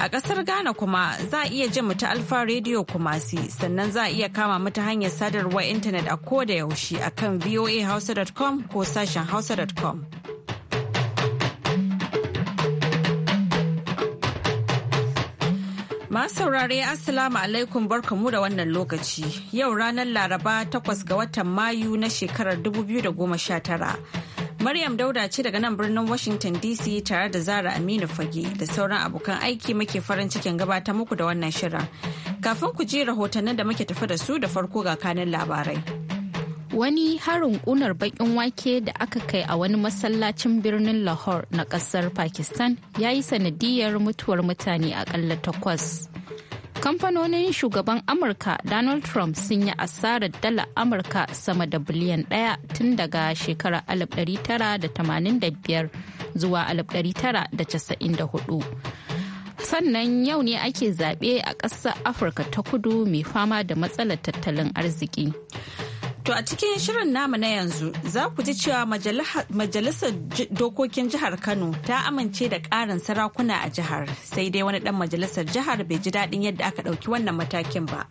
A ƙasar Ghana kuma za a iya jin mu ta Alfa Radio Kumasi sannan za a iya kama mu ta hanyar sadarwar intanet a ko da yaushe a kan voahausa.com ko sashen hausa.com. Masu saurare Assalamu alaikum barkamu da wannan lokaci. Yau ranar Laraba 8 ga watan Mayu na shekarar 2019. Maryam Dauda ce daga nan birnin Washington DC tare da Zara Aminu Fage da sauran abokan aiki muke farin cikin gabatar muku da wannan shirin. Kafin ku ji rahotannin da muke tafi da su da farko ga kanin labarai. wani harin kunar bakin wake da aka kai a wani masallacin birnin lahore na kasar pakistan ya yi sanadiyar mutuwar mutane akalla takwas kamfanonin shugaban amurka donald trump sun yi asarar dala amurka sama da biliyan daya tun daga shekarar 1985 zuwa 1994 sannan yau ne ake zaɓe a ƙasar afirka ta kudu mai fama da matsalar tattalin arziki To a cikin shirin namu na yanzu za ku ji cewa majalisar dokokin jihar Kano ta amince da ƙarin sarakuna a jihar sai dai wani ɗan majalisar jihar bai ji daɗin yadda aka ɗauki wannan matakin ba.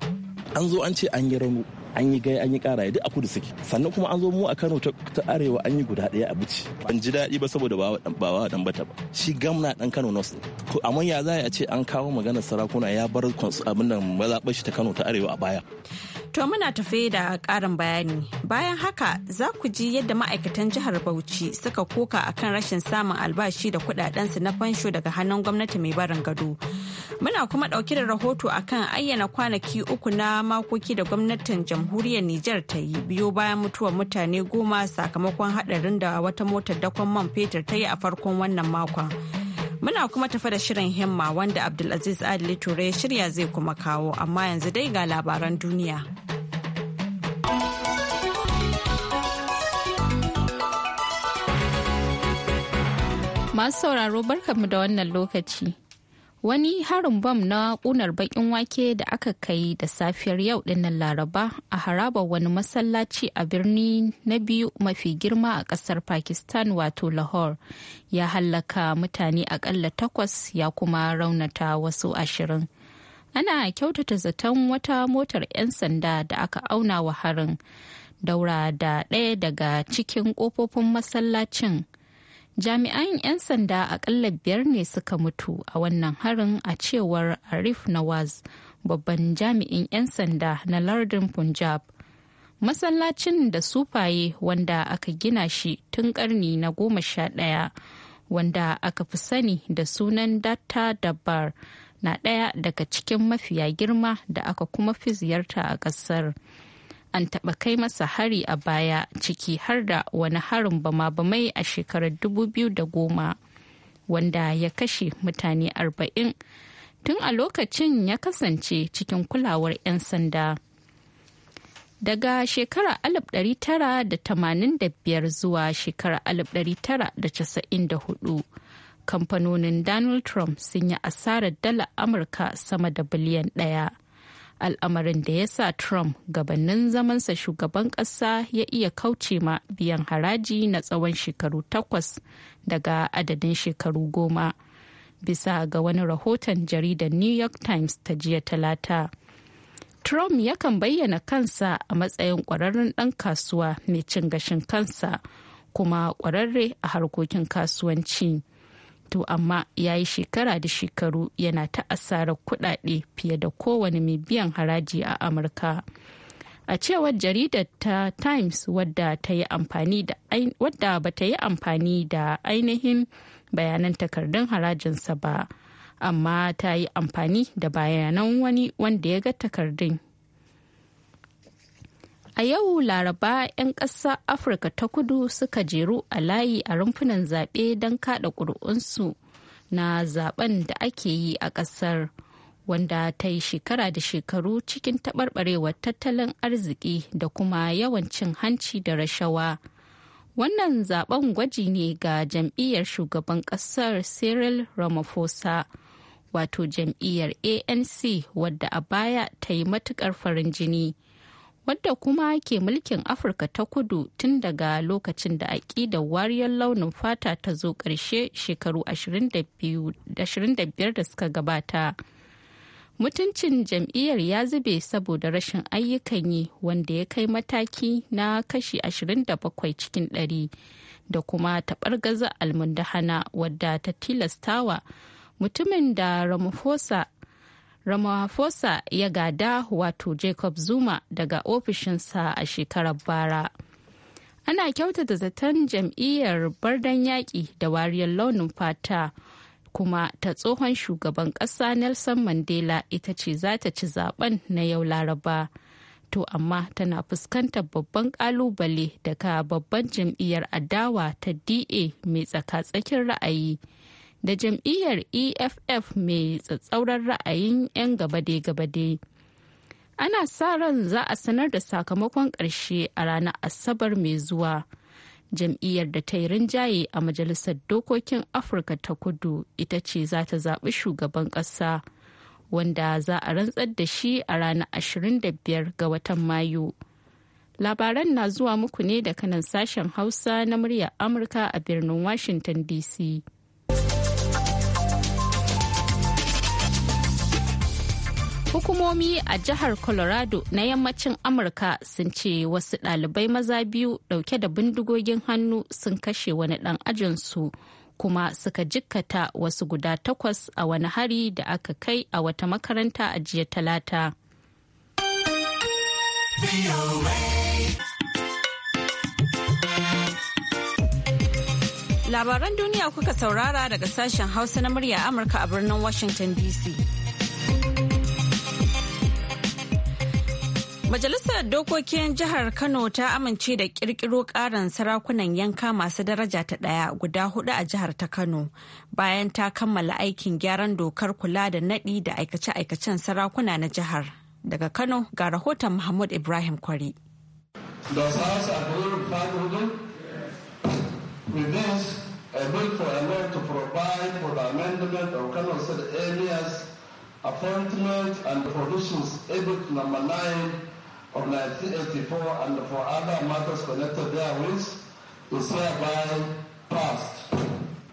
An zo an ce an yi rano an yi gai an yi kara duk a kudu suke sannan kuma an zo mu a Kano ta arewa an yi guda ɗaya a buci ban ji daɗi ba saboda ba wa dan bata ba shi gamna dan Kano North to amma ya za a ce an kawo maganar sarakuna ya bar abin nan mazaɓar shi ta Kano ta arewa a baya. To muna tafe da ƙarin bayani. Bayan haka za ku ji yadda ma'aikatan jihar Bauchi suka koka kan rashin samun albashi da kuɗaɗensu na fansho daga hannun gwamnati mai barin gado. Muna kuma ɗauke da rahoto akan ayyana kwanaki uku na makoki da gwamnatin jamhuriyar Nijar ta yi biyo bayan mutuwar mutane goma sakamakon haɗarin da wata motar dakon man fetur ta yi a farkon wannan makon. Muna kuma tafa da shirin himma wanda Abdulaziz Adili ya shirya zai kuma kawo amma yanzu dai ga labaran duniya. Masu sauraro barkanmu da wannan lokaci. wani harin bam na kunar bakin wake da aka kai da safiyar yau dinnan laraba a haraba wani masallaci a birni na biyu mafi girma a kasar pakistan wato lahore ya hallaka mutane akalla takwas ya kuma raunata wasu ashirin ana kyautata zaton wata motar 'yan sanda da aka auna wa harin daura da ɗaya daga cikin ƙofofin masallacin jami'an 'yan sanda akalla biyar ne suka mutu a wannan harin a cewar arif nawaz babban jami'in 'yan sanda na lardin punjab masallacin da sufaye wanda aka gina shi tun karni na goma sha ɗaya wanda aka fi sani da sunan datta dabar na daya daga cikin mafiya girma da aka kuma fi ziyarta a ƙasar. an taɓa kai masa hari a baya ciki har da wani harin bama-bamai a shekarar 2010 wanda ya kashe mutane 40 tun a lokacin ya kasance cikin kulawar 'yan sanda daga shekarar 1985 zuwa shekarar 1994 kamfanonin donald trump sun yi asarar dala amurka sama da biliyan ɗaya. al'amarin da ya sa trump gabanin zamansa shugaban ƙasa ya iya kauce ma biyan haraji na tsawon shekaru takwas daga adadin shekaru goma bisa ga wani rahoton jaridar new york times ta jiya talata trump yakan bayyana kansa a matsayin ƙwararrun ɗan kasuwa mai cin gashin kansa kuma ƙwararre a harkokin kasuwanci. to amma ya yi shekara da shekaru yana ta asarar kuɗaɗe fiye da kowane mai biyan haraji a amurka a cewar jaridar ta times wadda wadda ba ta yi amfani da ainihin bayanan takardun harajinsa ba amma ta yi amfani da bayanan wani wanda ya ga takardun A yau Laraba 'yan ƙasa Afirka ta kudu suka jeru a layi a rumfunan zaɓe don kaɗa ƙuri'unsu na zaɓen da ake yi a ƙasar wanda ta yi shekara da shekaru cikin taɓarɓarewar tattalin arziki da kuma yawan cin hanci da rashawa. Wannan zaɓen gwaji ne ga jam'iyyar shugaban ƙasar Cyril Ramaphosa. wato jam'iyyar anc wadda a baya ta yi matukar farin jini wadda kuma ke mulkin afirka ta kudu tun daga lokacin da aƙidar wariyar launin fata ta zo ƙarshe shekaru 25 da suka gabata mutuncin jam'iyyar ya zube saboda rashin ayyukan yi wanda ya kai mataki na kashi 27 cikin 100 da kuma taɓargaza almundahana wadda ta tilastawa mutumin da ramaphosa Ramaphosa ya gada wato Jacob Zuma daga ofishinsa a shekarar bara. Ana kyautata zaton jam'iyyar bardan yaƙi da wariyar launin fata kuma ta tsohon shugaban ƙasa Nelson Mandela ita ce za ta ci zaben na yau Laraba. To amma tana fuskantar babban ƙalubale daga babban jam'iyyar adawa ta DA mai tsaka-tsakin ra'ayi. da jam'iyyar eff mai tsatsauran ra'ayin 'yan gabade-gabade ana sa ran za a sanar da sakamakon ƙarshe a ranar asabar mai zuwa jam'iyyar da ta yi rinjaye a majalisar dokokin afirka ta kudu ita ce za ta zaɓi shugaban ƙasa wanda za a rantsar da shi a ranar 25 ga watan mayu labaran na zuwa muku ne da kanan sashen hausa na muryar amurka a birnin washington dc Hukumomi a jihar Colorado na yammacin Amurka sun ce wasu ɗalibai maza biyu ɗauke da bindigogin hannu sun kashe wani ɗan ajinsu kuma suka jikkata wasu guda takwas a wani hari da aka kai a wata makaranta a jiya talata. Labaran duniya kuka saurara daga sashen Hausa na murya Amurka a birnin Washington DC. Majalisar Dokokin Jihar Kano ta amince da kirkiro karin sarakunan yanka masu daraja ta ɗaya guda hudu a jihar ta Kano bayan ta kammala aikin gyaran dokar kula da naɗi da aikace-aikacen sarakuna na jihar. Daga Kano ga rahoton Mahmud Ibrahim Kwari. With this, I beg for a to provide for the amendment of Kano Areas Appointment and Provisions Edit Number 9 of 1984 and for other matters connected therewith is hereby passed.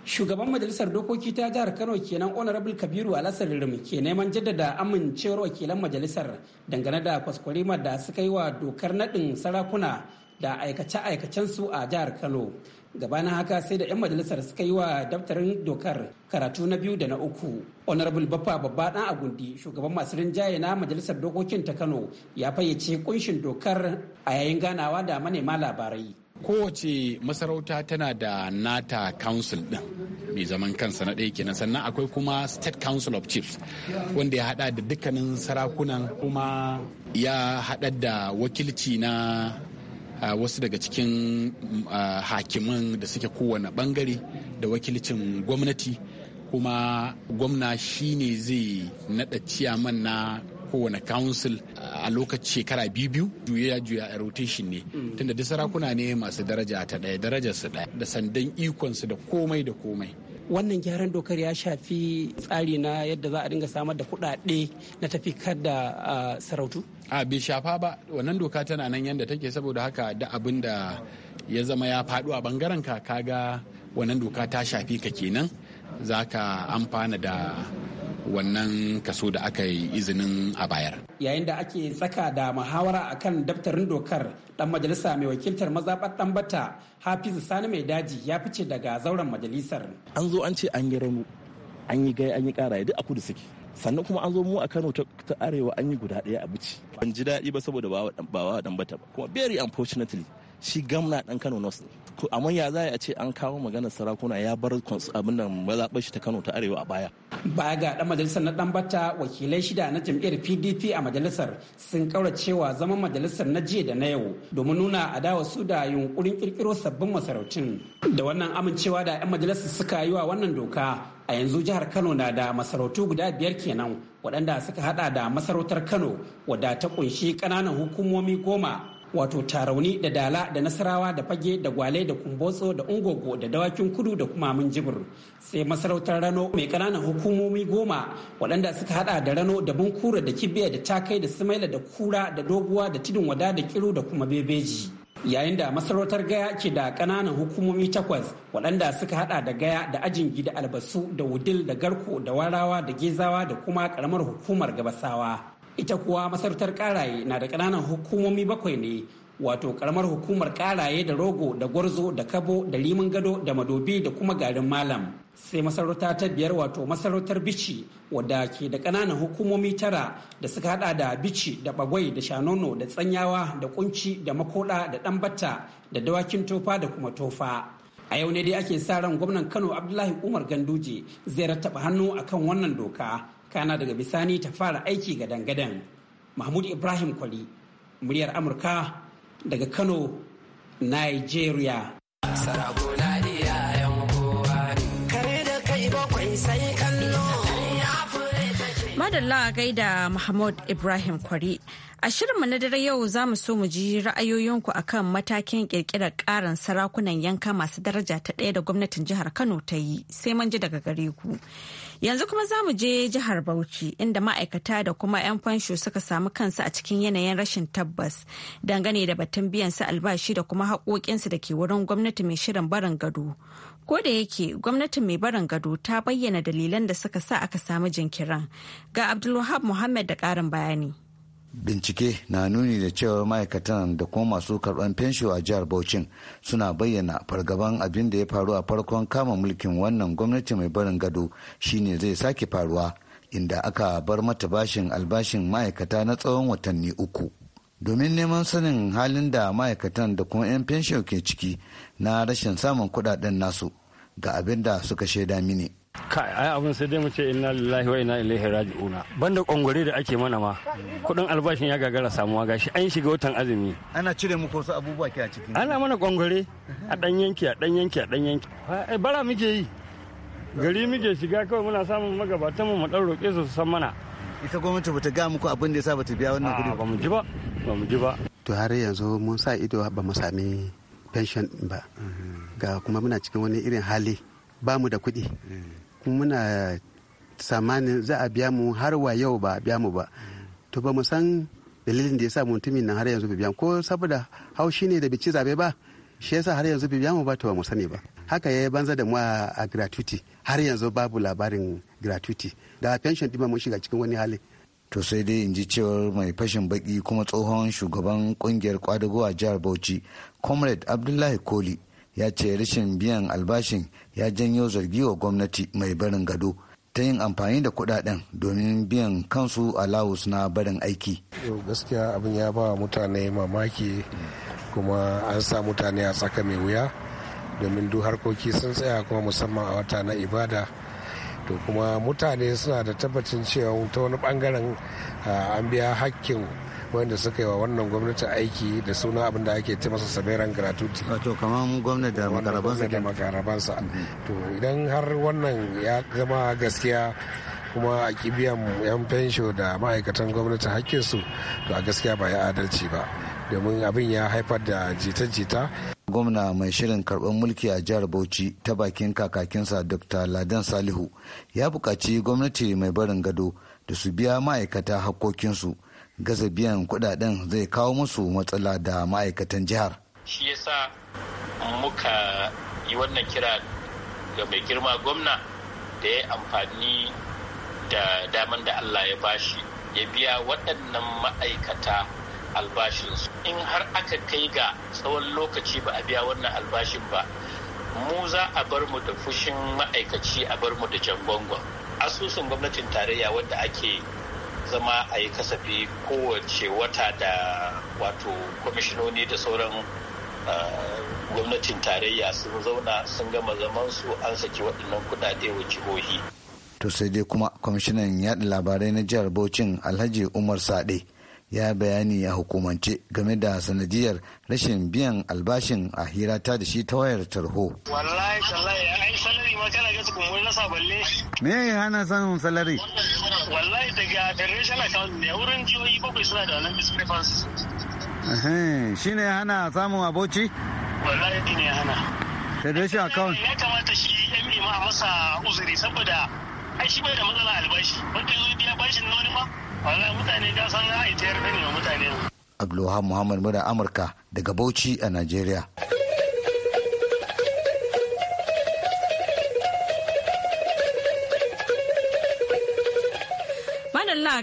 Shugaban Majalisar Dokoki ta Jihar Kano kenan Honorable Kabiru Alassar Rim ke neman jaddada amincewar wakilan majalisar dangane da kwaskwarimar da suka yi wa dokar naɗin sarakuna da aikace-aikacensu a jihar Kano gabanin haka sai da 'yan majalisar suka yi wa daftarin dokar karatu na biyu da na uku honorable baffa babba dan agundi shugaban masu rinjaye na majalisar dokokin ta kano ya fayyace kunshin dokar a yayin ganawa da manema labarai kowace masarauta tana da nata council din mai zaman kansa na ɗaya kenan sannan akwai kuma state council of chiefs wanda ya hada da dukkanin sarakunan kuma ya hada da wakilci na wasu daga cikin hakiman da suke kowane bangare da wakilcin gwamnati kuma gwamna shi ne zai naɗa ciyaman na kowane council a lokaci shekara biyu biyu juya juya a rotation ne tunda duk sarakuna ne masu daraja ta ɗaya darajar su ɗaya da sandan ikonsu da komai da komai wannan gyaran dokar ya shafi tsari na yadda za a dinga samar da kuɗaɗe na tafikar da sarautu a bai shafa ba wannan doka tana nan yadda take saboda haka da abin da ya zama ya faɗo a bangaren ka kaga wannan doka ta shafi ka kenan za ka amfana da wannan kaso da aka yi izinin a bayar. Yayin da ake saka da muhawara a kan daftarin dokar dan majalisa mai wakiltar mazaɓar bata Hafizu Sani mai daji ya fice daga zauren majalisar. An zo an ce an yi rano, an yi gai an yi kara duk a kudu suke. sannan kuma an zo mu a Kano ta arewa an yi guda ɗaya a bici. Ban ji daɗi ba saboda ba wa bata ba kuma very unfortunately shi gamna dan kano north amma ya za a ce an kawo magana sarakuna ya bar abin da mazaɓar shi ta kano ta arewa a baya baya ga ɗan majalisar na dan bata wakilai shida na jam'iyyar pdp a majalisar sun cewa zaman majalisar na jiya da na yau domin nuna a adawa su da yunkurin kirkiro sabbin masarautun da wannan amincewa da 'yan majalisar suka yi wa wannan doka a yanzu jihar kano na da masarautu guda biyar kenan waɗanda suka haɗa da masarautar kano wadda ta kunshi ƙananan hukumomi goma wato tarauni da dala da nasarawa da fage da gwale da kumbotso da ungogo da dawakin kudu da kuma mun jibir sai masarautar rano mai kananan hukumomi goma waɗanda suka hada da rano da bunkura da kibiya da takai da sumaila da kura da doguwa da tudun wada da kiru da kuma bebeji yayin da masarautar gaya ke da kananan hukumomi takwas waɗanda suka hada da gaya da ajin gida albasu da wudil da garko da warawa da gezawa da kuma karamar hukumar gabasawa ita kuwa masarautar karaye na da ƙananan hukumomi bakwai ne wato karamar hukumar karaye da rogo da gwarzo da kabo da liman gado da madobi da kuma garin malam sai masarauta ta biyar wato masarautar bici wadda ke da ƙananan hukumomi tara da suka hada da bici da bagwai da shanono da tsanyawa da kunci da makoda da ɗanbata da dawakin tofa da kuma tofa a yau ne dai ake sa ran gwamnan kano abdullahi umar ganduje zai rattaba hannu akan wannan doka kana daga bisani ta fara aiki ga dangadan mahmud ibrahim kwali muryar amurka daga kano nigeria madalla gaida mahmud ibrahim kwari A shirinmu na dare yau za mu so mu ji ra'ayoyinku akan matakin kirkirar karin sarakunan yanka masu daraja ta ɗaya da gwamnatin jihar Kano ta yi sai mun ji daga gare ku. Yanzu kuma za mu je jihar Bauchi inda ma'aikata da kuma 'yan fansho suka samu kansu a cikin yanayin rashin tabbas dangane da batun biyan su albashi da kuma haƙoƙinsu da ke wurin gwamnati mai shirin barin gado. Ko da yake gwamnatin mai barin gado ta bayyana dalilan da suka sa aka samu jinkirin. Ga Abdulwahab Muhammad da ƙarin bayani. bincike na nuni da cewa ma'aikatan da kuma masu karɓar fensho a jihar Bauchin suna bayyana fargaban abin da ya faru a farkon kama mulkin wannan gwamnati mai barin gado shine zai sake faruwa inda aka bar mata bashin albashin ma'aikata na tsawon watanni uku. Domin neman sanin halin da ma'aikatan da kuma 'yan fensho ke ciki na rashin samun kuɗaɗen nasu ga abin da suka shaida mini. kai ai abin sai dai mu ce inna lillahi wa inna ilaihi raji'una banda kongore da ake mana ma kudin albashin ya gagara samuwa gashi an shiga watan azumi ana cire muku wasu abubuwa ke a ciki ana mana kongore a dan yanki a dan yanki a dan yanki bara muke yi gari muke shiga kawai muna samun magabatan mu mu dan roƙe su san mana ita gwamnati bata ga muku abin da yasa bata biya wannan kudi ba mu ji ba ba mu ji ba to har yanzu mun sa ido ba mu sami pension ba mm-hmm. ga kuma muna cikin wani irin hali ba mu da kuɗi mm. muna samanin za a biya mu har wa yau ba a biya mu ba to ba mu san dalilin da ya sa mutumin nan har yanzu bai biya ko saboda haushi ne da bai ci zabe ba shi yasa har yanzu bai biya mu ba to ba mu sani ba haka ya banza da mu a gratuity har yanzu babu labarin gratuity da pension ba mun shiga cikin wani hali to sai dai in ji cewar mai fashin baki kuma tsohon shugaban kungiyar kwadago a jihar bauchi comrade abdullahi koli ya ce rashin biyan albashin ya janyo zargi wa gwamnati mai barin gado ta yin amfani da kudaden domin biyan kansu a lawus na barin aiki. gaskiya abin ya ba mutane mamaki kuma an sa mutane a tsaka mai wuya domin duk harkoki sun tsaya kuma musamman a wata na ibada to kuma mutane suna da tabbacin cewa ta wani bangaren ah, an biya hakkin wanda suka yi wa wannan gwamnati aiki da suna abin da ake ce masa saberan gratuity wato kamar gwamnati da makarabansa mhm. to idan har wannan ya zama gaskiya kuma a kibiyan yan fensho da ma'aikatan gwamnati hakkinsu to a gaskiya ba ya adalci ba domin abin ya haifar da jita-jita gwamna mai shirin karɓar mulki a jihar bauchi ta bakin kakakinsa dr ladan salihu ya buƙaci gwamnati mai barin gado da su biya ma'aikata hakkokinsu gaza biyan kudaden zai kawo musu matsala da ma'aikatan jihar shi yasa muka yi wannan kira ga mai girma gwamna da ya amfani da daman da allah ya bashi ya biya waɗannan ma'aikata albashinsu in har aka kai ga tsawon lokaci ba a biya wannan albashin ba mu za a bar mu da fushin ma'aikaci a bar mu da jangongon asusun gwamnatin tarayya wanda ake zama a yi kasafi kowace wata da wato kwamishinoni da sauran uh, gwamnatin tarayya sun zauna sun gama zaman su an saki waɗannan kuɗaɗe wa jihohi. To sai dai kuma kwamishinan yaɗa labarai na jihar Bauchin Alhaji Umar Sade ya bayani a hukumance game da sanadiyar rashin biyan albashin a hirata da shi ta wayar tarho. Wallahi, wallahi, yi salari ma kana gasa kumburi na saballe. Me ya hana sanin salari? wallahi daga federation account ne wurin jihohi bakwai suna da wannan discrepancy shi ne hana samun aboci? wallahi ne hana federation account ya kamata shi ma ma masa uzuri saboda ai shi bai da matsala albashi wanda yanzu biya bashin na wani ma wallahi mutane da san za a yi tayar da mutane Abdulwahab Muhammad Mura Amurka daga Bauchi a Najeriya.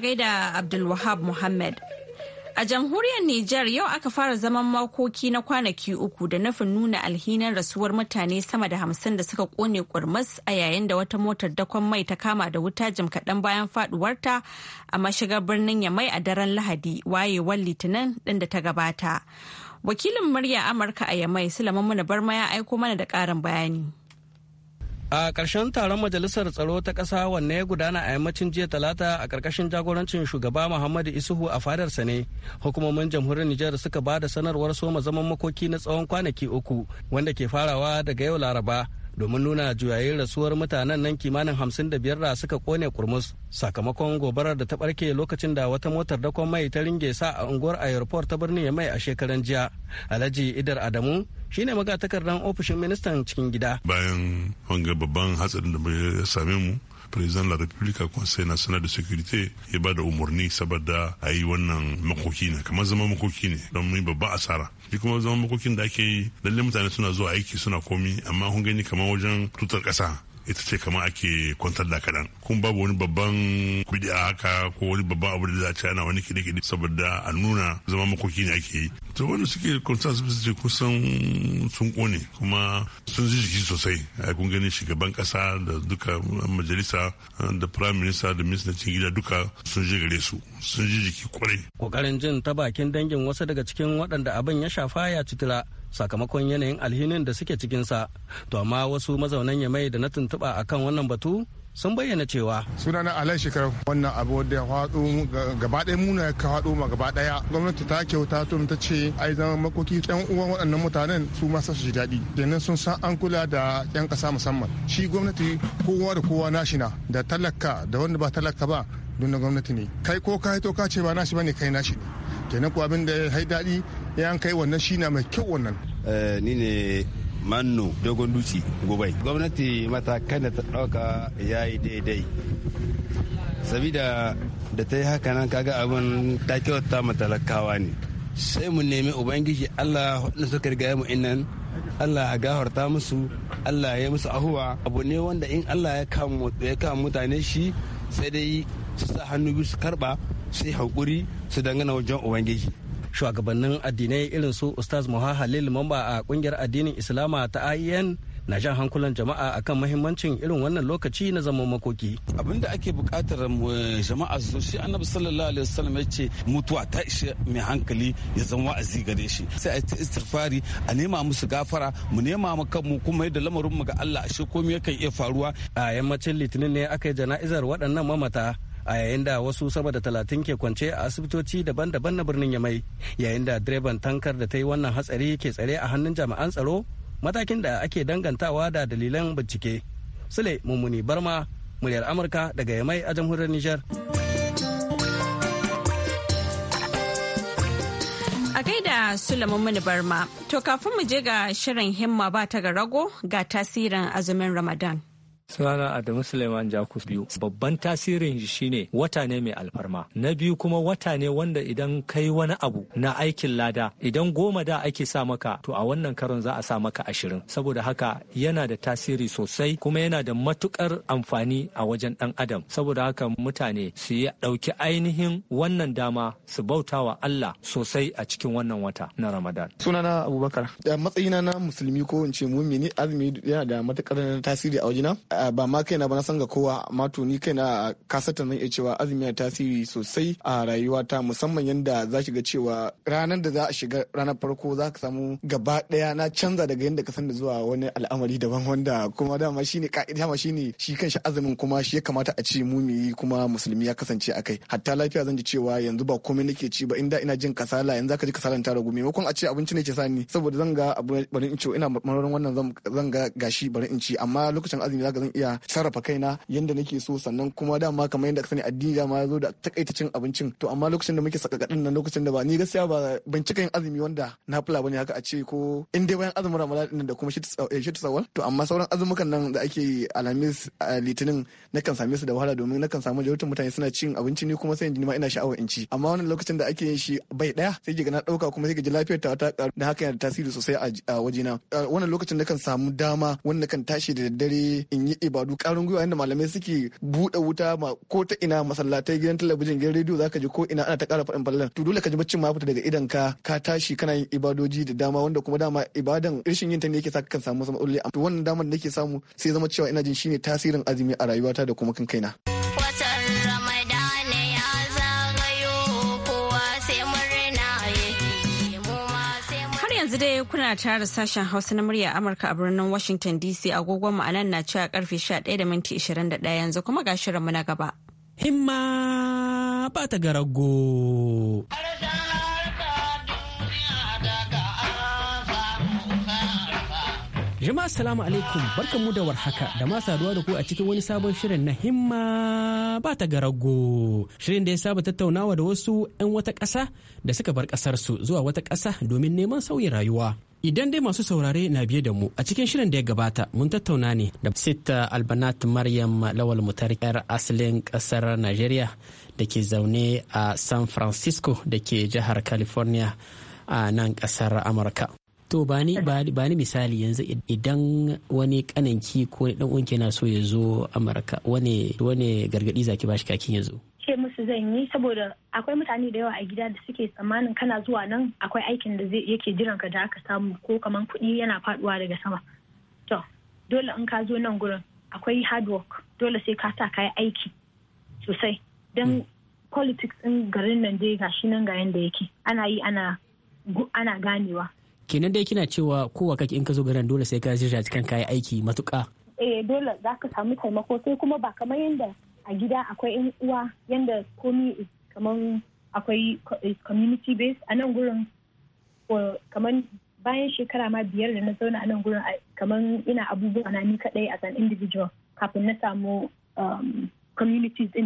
gaida Abdulwahab Muhammad. A jamhuriyar Nijar yau aka fara zaman makoki na kwanaki uku da nufin nuna alhinin rasuwar mutane sama da hamsin da suka kone kurmus a yayin da wata motar dakon mai ta kama da wuta jim kaɗan bayan faduwarta a mashigar birnin Yamai a daren Lahadi wayewar Litinin ɗin da ta gabata. Wakilin murya Amurka a Yamai Sulaiman Muna Barma ya aiko mana da ƙarin bayani. a ƙarshen taron majalisar tsaro ta ƙasa wanne ya gudana a yammacin jiya talata a ƙarƙashin jagorancin shugaba muhammadu isuhu a fadarsa ne hukumomin jamhuriyar nijar suka ba da sanarwar soma zaman makoki na tsawon kwanaki uku wanda ke farawa daga yau laraba domin nuna juyayin rasuwar mutanen nan kimanin hamsin da biyar da suka kone kurmus sakamakon gobarar da ta barke lokacin da wata motar dakon mai ta ringe sa a unguwar airport ta birnin ya mai a shekaran jiya alhaji idar adamu shine magatakardan ofishin ministan cikin gida. Bayan wanga babban hatsarin da ya same mu, president la republica conseil national de securite ya ba da umarni saboda a yi wannan makoki na kamar zama makoki ne don mai babba asara shi kuma zama makokin da ake yi lalle mutane suna zuwa aiki suna komi amma kun gani kamar wajen tutar kasa ita ce kama ake kwantar da kaɗan kun babu wani babban kuɗi a haka ko wani babban abu da za a ci ana wani kidi kidi saboda a nuna zama makoki ne ake yi to wanda suke kwantar su ce kusan sun kone kuma sun ji jiki sosai a kun gani shugaban ƙasa da duka majalisa da prime minister da cikin gida duka sun je gare su sun ji jiki kwarai kokarin jin ta bakin dangin wasu daga cikin waɗanda abin ya shafa ya citira sakamakon yanayin alhinin da suke cikinsa to amma wasu mazaunan yamai da na tuntuɓa akan wannan batu sun bayyana cewa sunana alai shekaru wannan abu da ya faɗo gaba ɗaya muna ya faɗo ma gaba ɗaya gwamnati ta kyauta to ta ce ai zama makoki ɗan uwan waɗannan mutanen su ma sa su daɗi kenan sun san an kula da ƴan ƙasa musamman shi gwamnati kowa da kowa nashi na da talaka da wanda ba talaka ba don gwamnati ne kai ko ka haito ka ce ba nashi ba ne kai nashi ne kenan ko abin da ya haidaɗi ya an kai wannan shi na mai kyau wannan eh, ni ne manno dogon dutse gobai gwamnati matakan da ta ɗauka ya yi daidai sabida da ta yi haka nan kaga abin ta kyauta matalakawa ne sai mu nemi ubangiji allah waɗanda suka riga mu innan allah a gafarta musu allah ya musu ahuwa abu ne wanda in allah ya kama mutane shi sai dai su sa hannu biyu su karba sai haƙuri su dangana wajen ubangiji shugabannin addinai irin su ustaz muha halil mamba a kungiyar addinin islama ta ien na jan hankulan jama'a akan mahimmancin irin wannan lokaci na zaman makoki da ake bukatar eh, jama'a su shi annabi sallallahu alaihi wasallam ya ce mutuwa ta ishe mai hankali ya zama wa'azi gare shi sai a ta istighfari a nema musu gafara mu nema mu kanmu kuma yadda lamarin mu ga Allah shi komai yakan iya faruwa a yammacin litinin ne aka yi jana'izar waɗannan mamata a yayin da wasu sama da talatin ke kwance a asibitoci daban-daban na birnin yamai yayin da direban tankar da ta yi wannan hatsari ke tsare a hannun jami'an tsaro matakin da ake dangantawa da dalilan bincike sule mummuni barma muryar amurka daga yamai a jamhuriyar nijar a da sule mummuni barma to kafin mu je ga shirin himma ba ta ga rago ga tasirin azumin ramadan sunana Adamu Suleiman Jakus biyu babban tasirin shi shine wata ne mai alfarma na biyu kuma wata ne wanda idan kai wani abu na aikin lada idan goma da ake sa maka to a wannan karon za a sa maka ashirin saboda haka yana da tasiri sosai kuma yana da matukar amfani a wajen dan adam saboda haka mutane su yi ɗauki ainihin wannan dama su bauta wa Allah sosai a cikin wannan wata na Ramadan sunana Abubakar da matsayina na musulmi ko in ce mumini azumi yana da matukar tasiri a wajena ba ma kaina ba na san ga kowa amma to ni kaina kasatan zan nan cewa azumi na tasiri sosai a rayuwata musamman yanda za shiga ga cewa ranar da za a shiga ranar farko za ka samu gaba daya na canza daga yanda ka sanda zuwa wani al'amari daban wanda kuma dama shine ka'ida shine shi kanshi azumin kuma shi ya kamata a ce mu yi kuma musulmi ya kasance a kai hatta lafiya zan ji cewa yanzu ba komai nake ci ba inda ina jin kasala yanzu ka ji kasalan ta ragu maimakon a ce abinci ne ke sani saboda zan ga abu bari in ci ina mararin wannan zan ga gashi bari in ci amma lokacin azumi zaka zan iya sarrafa kaina yanda nake so sannan kuma dama kamar yadda ka sani addini da ya zo da takaitacin cin abincin to amma lokacin da muke sakakadin nan lokacin da ba ni gaskiya ba bincika azumi wanda na fula bane haka a ce ko in dai bayan azumin ramadan din da kuma shi tsawal eh, to amma sauran azumukan nan da ake alhamis litinin nakan same su da wahala domin nakan samu jawatin mutane suna cin abinci ne kuma sai in ji ma ina sha'awar in ci amma wannan lokacin da ake yin shi bai daya sai ki ga na dauka kuma sai ji lafiyar ta ta karu da haka yana da tasiri sosai a wajena wannan lokacin nakan samu dama wanda kan tashi da daddare in yi ibadu karin gwiwa yadda malamai suke buɗe wuta ma ko ta ina masallatai gidan talabijin gidan rediyo zaka ji ko ina ana ta ƙara faɗin ballan to dole ka ji baccin ma fita daga idan ka ka tashi kana yin ibadoji da dama wanda kuma dama ibadan rashin yin ta ne yake sa kan samu matsaloli to wannan damar da nake samu sai zama cewa ina jin shine tasirin azumi a rayuwata da kuma kan kaina. dai kuna tare sashen Hausa na murya Amurka a birnin Washington DC agogon mu nan na ci a karfe 11:21 yanzu kuma ga shirinmu na gaba. Himma ba ta garago. Jama'a salamu alaikum barkanmu da warhaka da ma saduwa da ku a cikin wani sabon shirin na himma ba ta garago. Shirin da ya saba tattaunawa da wasu 'yan wata ƙasa da suka bar ƙasarsu zuwa wata ƙasa domin neman sauyin rayuwa. Idan dai masu saurare na biye da mu a cikin shirin da ya gabata mun tattauna ne da Sita Albanat Maryam Lawal Mutar yar asalin ƙasar Najeriya da ke zaune a San Francisco da ke jihar California a nan ƙasar Amurka. to ba ni misali yanzu idan wani kananki ko dan uwanki yana so ya zo amurka wani wani gargadi zaki bashi kakin ya zo musu zan yi saboda akwai mutane da yawa a gida da suke tsammanin kana zuwa nan akwai aikin da zai yake jiran ka da aka samu ko kaman kuɗi yana faduwa daga sama to dole in ka zo nan gurin akwai hard work dole sai ka sa kai aiki sosai dan hmm. politics din garin nan dai gashi nan ga yanda yake ana yi ana ana ganewa kenan dai kina cewa kowa kake in ka zo garin dole sai ka jira kan kayi aiki matuka eh dole za ka samu taimako sai kuma ba kamar yadda a gida akwai yan uwa yadda komi kamar akwai community base a nan gurin kamar bayan shekara ma biyar da na zauna a nan gurin kamar ina abubuwa na ni kaɗai as an individual kafin na samu um, communities din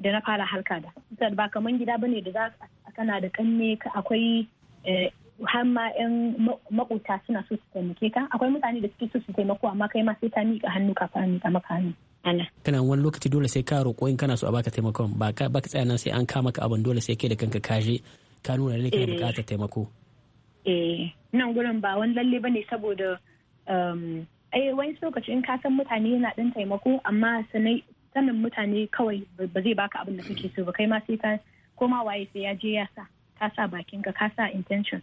da na fara harka da ba kamar gida bane da za a kana da kanne akwai eh, har ma yan makuta suna so su taimake ka akwai mutane da suke so su taimako amma kai ma sai ta miƙa hannu kafin a miƙa maka hannu kana wani lokaci dole sai ka roƙo in kana so a baka taimakon ba ka baka tsaya nan sai an kama ka abin dole sai kai da kanka kaje ka nuna ne kana eh. buƙatar taimako eh nan gurin ba wani lalle bane saboda um, eh wani lokaci in ka san mutane yana ɗan taimako amma sanai sanin mutane kawai ba zai baka abin da kake so ba kai ma sai ka koma waye sai ya je ya sa ka sa bakinka ka sa intention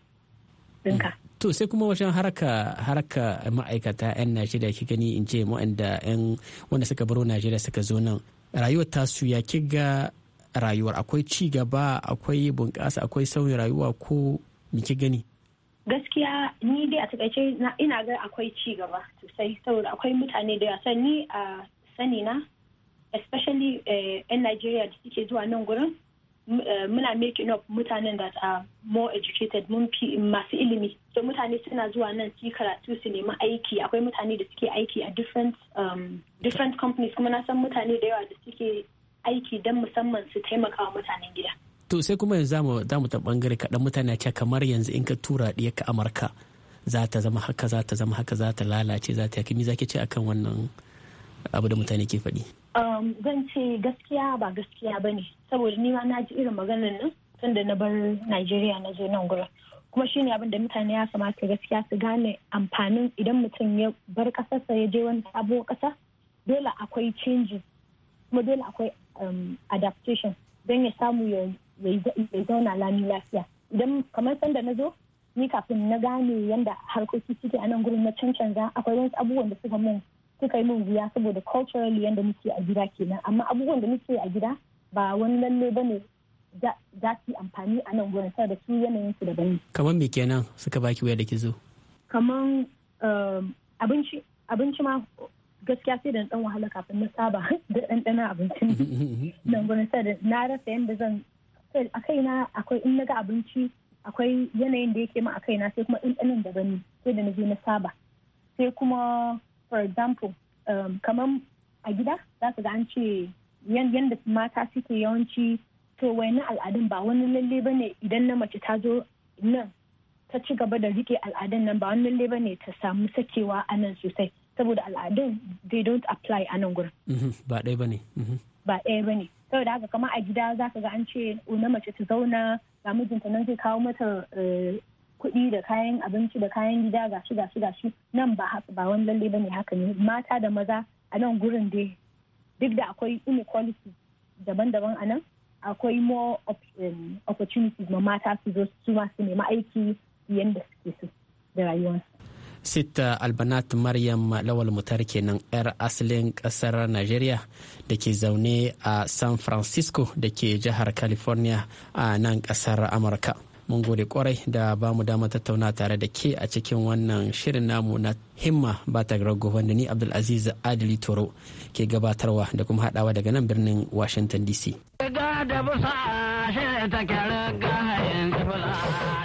ɗinka. to sai kuma wajen harka harka ma'aikata 'yan najeriya ki gani in ce wa'anda 'yan wanda suka baro najeriya suka zo nan rayuwar tasu ya ga rayuwar akwai ci gaba akwai bunƙasa akwai sauyin rayuwa ko ni ki gani gaskiya ni dai a takaice ina ga akwai ci gaba sosai saboda akwai mutane da yasa ni a sani na especially 'yan eh, najeriya da suke zuwa nan gurin Eh, muna make up mutanen that are more educated mun fi masu ilimi so mutane suna zuwa nan su karatu su nemi aiki akwai mutane da suke aiki a different um, different companies kuma na san mutane da yawa da suke aiki don musamman su taimaka wa mutanen gida to sai kuma yanzu zamu zamu ta bangare kaɗan mutane ce kamar yanzu in ka tura ɗiyar ka amurka za ta zama haka za ta zama haka za ta lalace za ta mi zaki ce akan wannan abu da mutane ke faɗi Um, zan ce gaskiya ba gaskiya ba ne saboda ni ma na ji irin maganar nan tun na bar Najeriya na zo nan gura kuma shine abin da mutane ya kamata gaskiya su gane amfanin idan mutum ya bar kasarsa ya je wani a kasa dole akwai canji kuma dole akwai um, adaptation don ya samu ya zauna lami lafiya idan kamar sanda na zo ni kafin na gane yanda harkoki suke a nan gurin na cancanza akwai wasu abubuwan da suka mun suka yi min wuya saboda culturally yadda muke a gida kenan amma abubuwan da muke a gida ba wani lalle ba ne za su amfani a nan gurin da su yanayin su daban kamar me kenan suka baki wuya da ki zo. kamar um, abinci abinci ma gaskiya sai da dan wahala kafin na saba da ɗanɗana abincin nan gurin da na rasa yadda zan a kaina akwai in na ga abinci akwai yanayin da yake ma a kaina sai kuma ɗanɗanon daban ne sai da na je na saba sai kuma for example um, kamar a gida za ka ga an ce yadda mata suke yawanci to wani al'adun ba wani lalle ba ne idan na mace ta zo nan ta ci gaba da rike al'adun nan ba wani lalle ba ne ta samu sakewa a nan sosai saboda al'adun they don't apply a nan gurin. Mhm, ba ɗaya ba ne. Mhm. ba ɗaya ba ne saboda haka kamar a gida za ka ga an ce na mace ta zauna ga mijinta nan zai kawo mata eh, kuɗi da kayan abinci da kayan gida gashi gashi gashi nan ba ba wani lalle bane haka ne mata da maza a nan gurin dai duk da akwai inequality daban-daban a nan akwai more opportunities ma mata su zo su ma su nemi aiki yadda suke so da rayuwarsu. Sita uh, Albanat Maryam Lawal Mutar kenan 'yar asalin kasar Najeriya da ke zaune a San Francisco da ke jihar California a nan kasar Amurka. mun gode kwarai da ba mu dama tattauna tare da ke a cikin wannan shirin namu na himma ba ta rago wanda ni abdulaziz adili toro ke gabatarwa da kuma hadawa daga nan birnin washington dc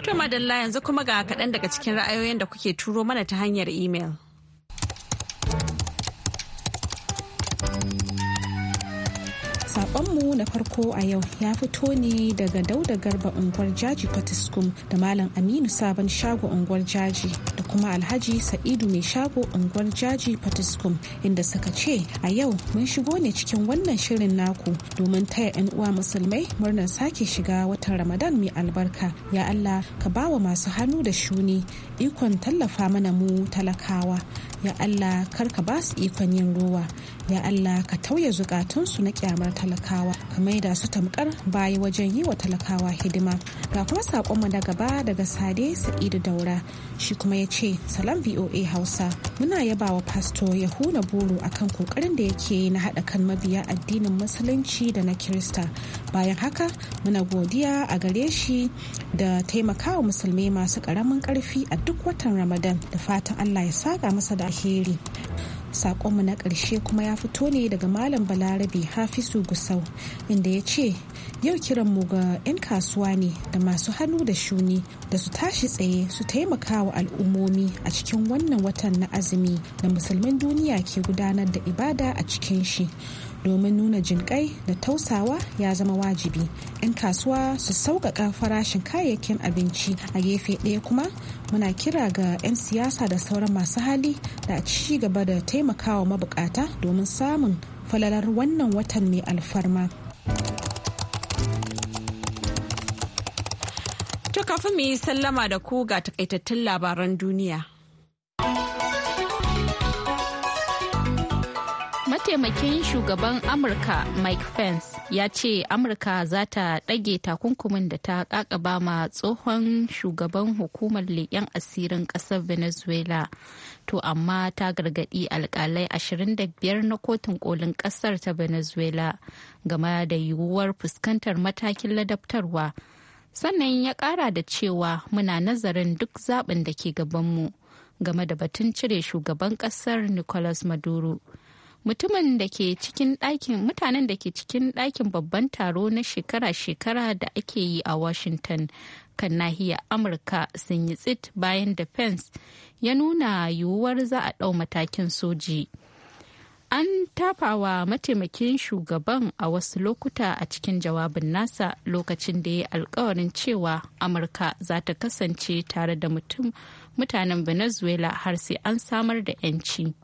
Kama da yanzu kuma ga kaɗan daga cikin ra'ayoyin da kuke turo mana ta hanyar imel. na farko a yau ya fito ne daga Dauda Garba unguwar Jaji Patiskum da Malam Aminu Sabon Shago unguwar Jaji da kuma Alhaji Sa'idu Mai Shago unguwar Jaji Patiskum inda suka ce a yau mun shigo ne cikin wannan shirin naku domin taya 'yan uwa musulmai murnar sake shiga watan Ramadan mai albarka. Ya Allah ka ba wa masu hannu da shuni ikon tallafa mana mu talakawa. Ya Allah kar ka ba su ikon yin ruwa. Ya Allah ka tauye zukatunsu na kyamar talakawa. a maida su tamkar bayi wajen yi wa talakawa hidima ga kuma mu na gaba daga sade sa'idu daura shi kuma ya ce salam voa hausa muna yaba wa ya huna buru akan kokarin da yake na haɗa kan mabiya addinin musulunci da na kirista bayan haka muna godiya a gare shi da taimakawa musulmi masu karamin karfi a duk watan ramadan da fatan allah ya saka masa da alheri sakonmu na ƙarshe kuma ya fito ne daga malam balarabe hafisu gusau inda ya ce yau kiranmu ga 'yan kasuwa ne da masu hannu da shuni da su tashi tsaye su taimaka wa al'ummomi a cikin wannan watan na azumi da musulmin duniya ke gudanar da ibada a cikin shi domin nuna jinƙai da tausawa ya zama wajibi 'yan kasuwa su sauƙaƙa farashin kayayyakin abinci a gefe ɗaya kuma muna kira ga 'yan siyasa da sauran masu hali da ci gaba da taimakawa mabukata domin samun falalar wannan watan mai alfarma kafin mu yi sallama da ku ga takaitattun labaran duniya. mataimakin shugaban amurka mike pence ya ce amurka za ta ɗage takunkumin da ta kakaba ma tsohon shugaban hukumar leƙen asirin ƙasar venezuela to amma ta gargaɗi alƙalai 25 na kotun kolin ƙasar ta venezuela game da yiwuwar fuskantar matakin ladabtarwa sannan ya ƙara da cewa muna nazarin duk zaɓin da ke gabanmu game da batun cire shugaban ƙasar nicolas maduro mutumin da ke cikin ɗakin mutanen da ke cikin ɗakin babban taro na shekara-shekara da ake yi a washington kan nahiyar amurka sun yi tsit bayan da pence ya nuna yiwuwar za a ɗau matakin soji an tafawa mataimakin shugaban a wasu lokuta a cikin jawabin nasa lokacin da ya alkawarin cewa amurka za ta kasance tare da mutum mutanen venezuela har sai an samar da 'yanci.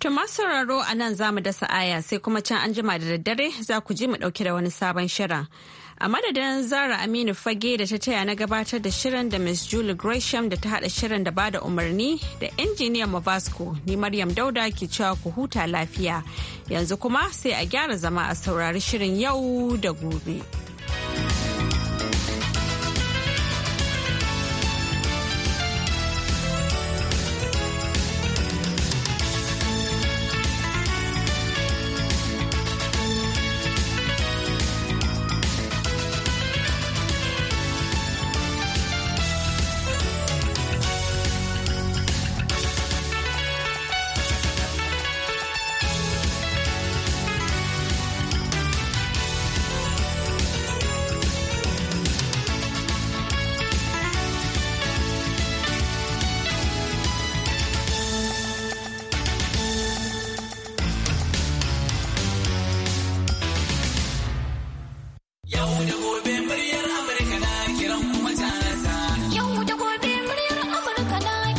Tuma sauraro a nan za mu dasa aya sai kuma can an jima da daddare za ku ji mu ɗauki da wani sabon shirin. A madadin Zara Aminu Fage da ta taya na gabatar da shirin da Miss Julie Gresham da ta haɗa shirin da bada umarni da injiniyan Mavasco ni Maryam Dauda ke cewa ku huta lafiya. Yanzu kuma sai a gyara zama a saurari shirin yau da gobe.